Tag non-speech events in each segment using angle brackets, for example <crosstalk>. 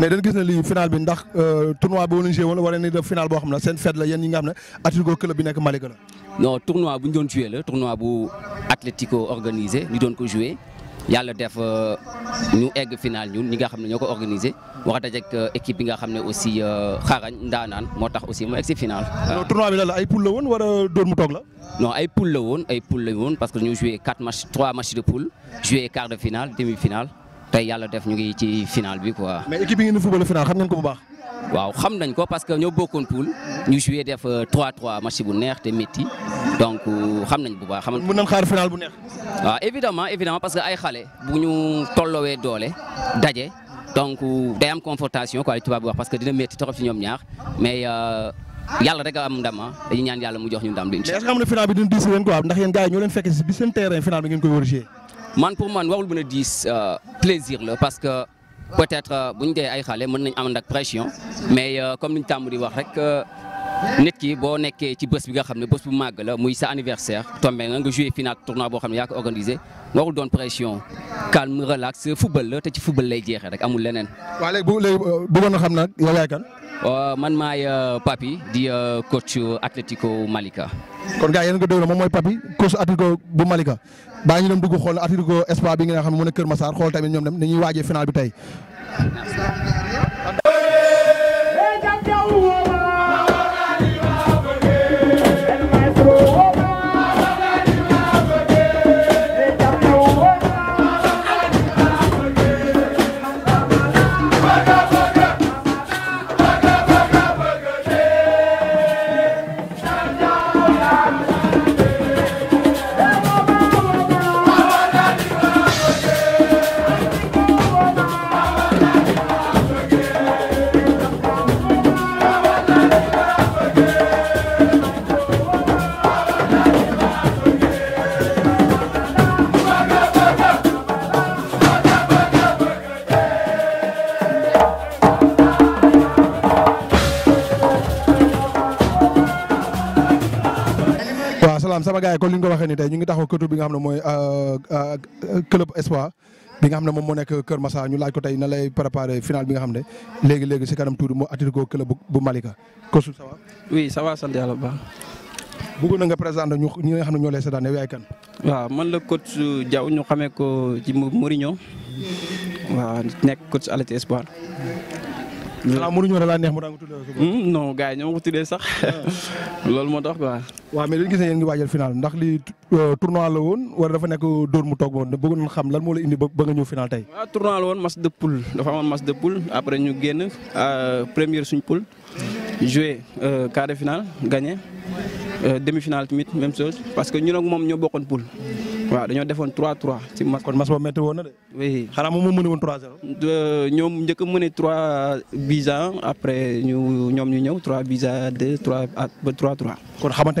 mais dañu gis ne lii final bi ndax euh, tournoi boo leen joué woon wala ni def final bo xamna sen fête la yeen yi nga xam atletico club bi nek Malika la. non tournoi bu ñu doon joué la tournoi bu atletico organisé ñu doon ko jouer yalla def euh, ñu egg final ñun ñi nga xam ñoko ñoo ko organisé wax dëgg ak euh, équipe bi nga xam aussi xarañ ndaanaan motax aussi mo egg final. non ah. tournoi bi la la ay poule won woon doon mu tok la. non ay poule la woon ay poule la woon parce que ñu jouer 4 matchs 3 matchs de poule jouer quart de finale demi finale tey yalla def ñu ngi ci final bi quoi. mais équipe bi ngeen football final xam nañ ko bu baax. waaw xam nañ ko parce que ñoo bokkoon pool ñu joué def 3-3 euh, match bu neex te metti donc euh, xam nañ bu baax. xam nañ mën nañ xaar final bu neex. waaw ah, évidemment évidemment parce que ay xalé bu ñu tollowee doolé dajé donc euh, day am confrontation quoi li tubaab bi wax parce que dina metti trop ci ñom ñaar mais yalla rek am ndama ah. dañu ñaan yalla mu jox ñu ndam. incha allah est-ce que xam na final bi dina diis leen quoi ndax yeen gaay yi ñoo leen fekk ci bi seen terrain final bi ngeen koy war man pour man warul mën a plaisir la parce que peut-être euh, bu ñu dee ay xale mën nañ am ak pression mais euh, comme ni ñu tàmm di wax rek. Euh, nit ki boo nekkee ci bëss bi nga xamné bëss bu mag la muy sa anniversaire tombé nga nga jouer final tournoi bo xamné ne yaa ko organisé warul doon pression calme relax football la té ci football lay jeexee rek amul lénen wa léegi bu léegi euh, bëggoon a xam nak yow yaay kan. Euh, man may euh, papi di coach atletico Malika. kon gars yeen nga ngi ko moy papi coach atletico bu Malika ba ñu dem dugg xol atletico Espoir bi nga xam mo mu ne Kër Massar xol tamit ñom dem ni ñuy waajee final bi tey. sama gaay ko li nga waxé ni tay ñu ngi taxaw kërtu bi nga xamne moy euh club espoir bi nga xamne mom mo nek kër massa ñu laaj ko tay na lay préparer eh, final bi nga xamne légui légui ci kanam tour mo atiko club bu malika ko ya, su sawa oui sawa sant yalla ba bu ko nga présenter ñu ñi nga xamne ñoo lay sédane way kan wa man la coach jaw ñu xamé ko ci mourinho wa nek coach alati espoir xanaa mënuñu wax la neex mu daan ko tuddee. Hmm, non gars yi ñoo sax <laughs> loolu moo tax quoi. waaw mais dañu gis ne yéen ngi waajal final ndax li euh, tournoi la woon wala dafa nekk dóor mu toog woon bëgg nañ xam lan moo la indi ba nga ñëw final tey. waaw tournoi la woon match de poule dafa amoon match de poule après ñu génn euh, première suñ poule joué euh, quart de finale gagné demi finale tamit même chose parce que ñun ak moom ñoo bokkoon poule. waaw dañoo defoon 3-3 ci match. kon match boobu métti woon na de. oui xanaa moom moo mënee woon 3-0. ñoom njëkk a trois 3 bis après ñu ñoom ñu ñëw 3 bis à 2 3 ba 3-3. kon xamante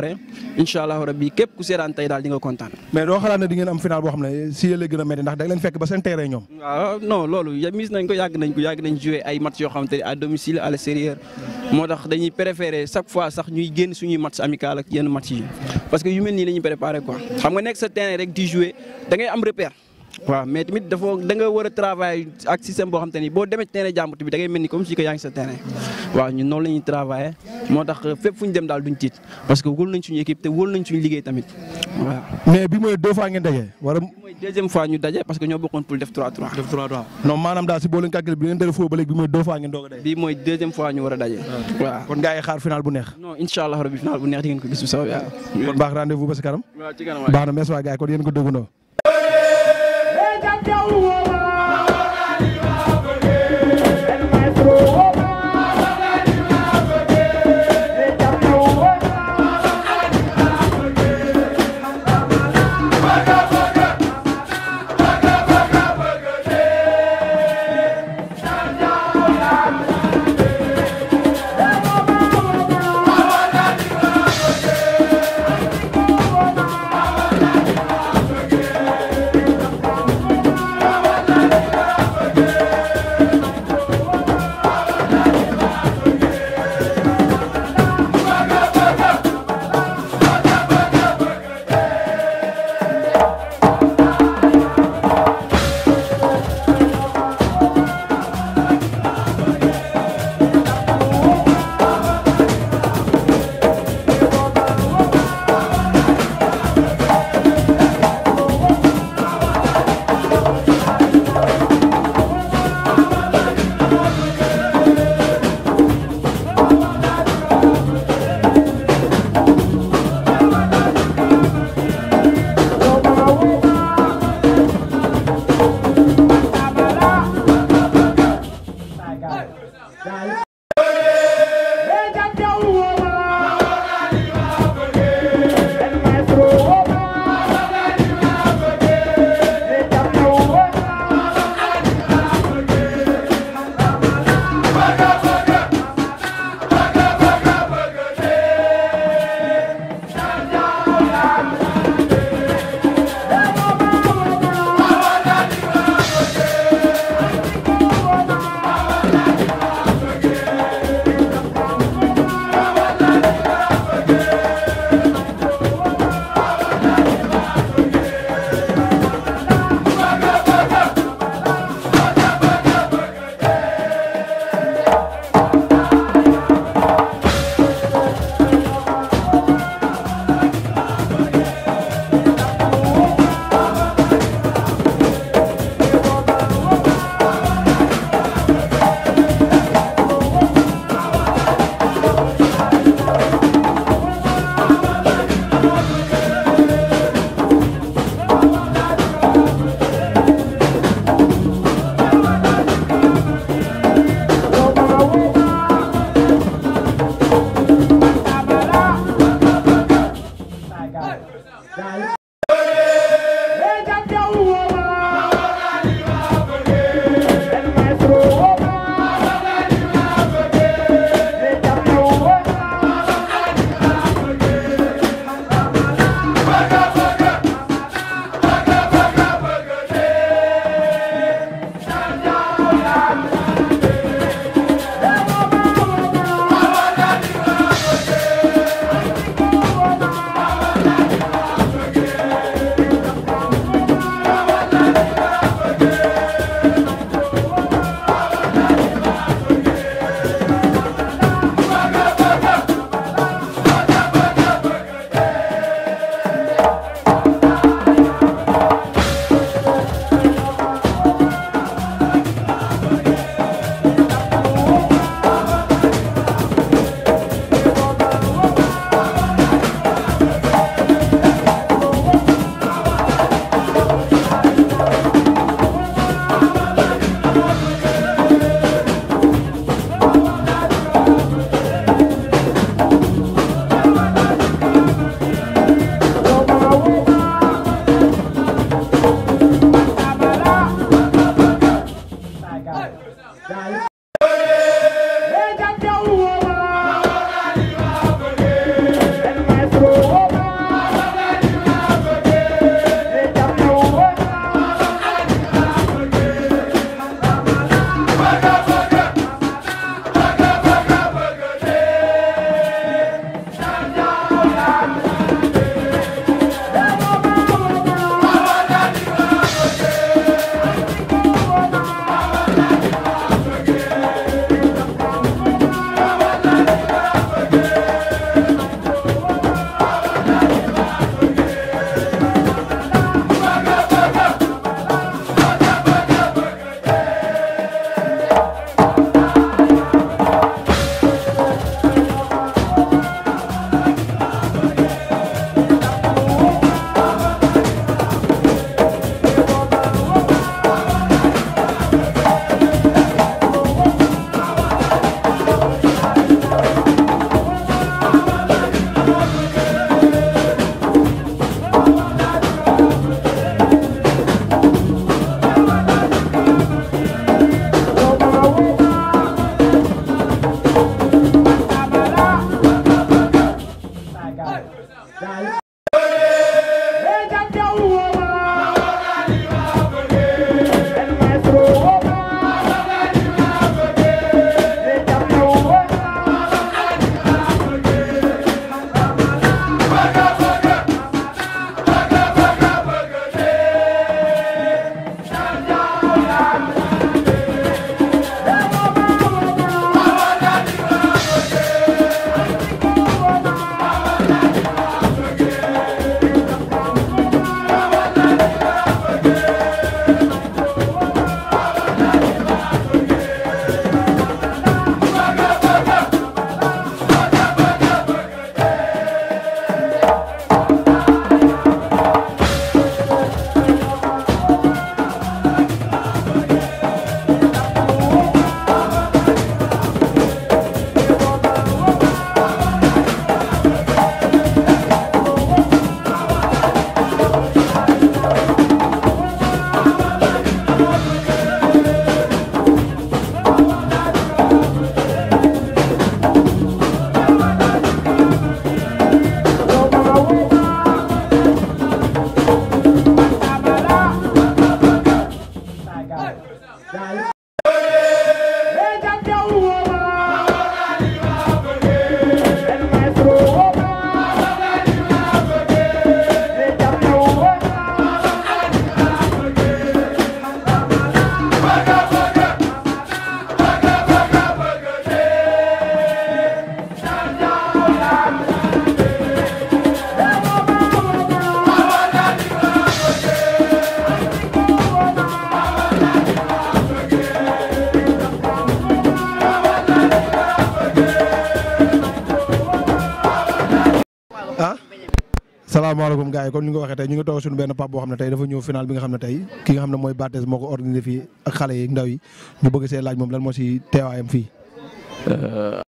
préparé incha allah rabbi mais vous avez final si a ah, joué ay match à domicile à l'extérieur dañuy préféré chaque fois sax ñuy match amical match parce que yu la ñuy quoi xam nga nekk sa terrain rek repère. waaw mais tamit dafa da war a travailler ak système boo xam te ni boo demee ci terrain bi da mel ni comme si que yaa sa terrain waaw ñun noonu la ñuy moo tax euh, fépp fu ñu dem daal duñ tiit parce que wóolu nañ suñu équipe te wóolu nañ suñu liggéey tamit waaw. mais bi mooy deux fois ngeen daje wala. bi mooy deuxième fois ñu daje parce bi mooy deuxième fois ñu war a daje. Ah. waaw kon gars yi xaar final bu neex. non incha allah rabi final bu neex di ngeen ko gis bu soobee Oh, 要我。salaamaaleykum gars yi comme ni nga ko waxee tey ñu ngi toog suñu benn pap boo xam ne tey dafa ñëw final bi nga xam ne tey ki nga xam ne mooy Bathès moo ko organisé fii ak xale yi ndaw yi bëgg see laaj moom lan moo si teewaayam fii euh,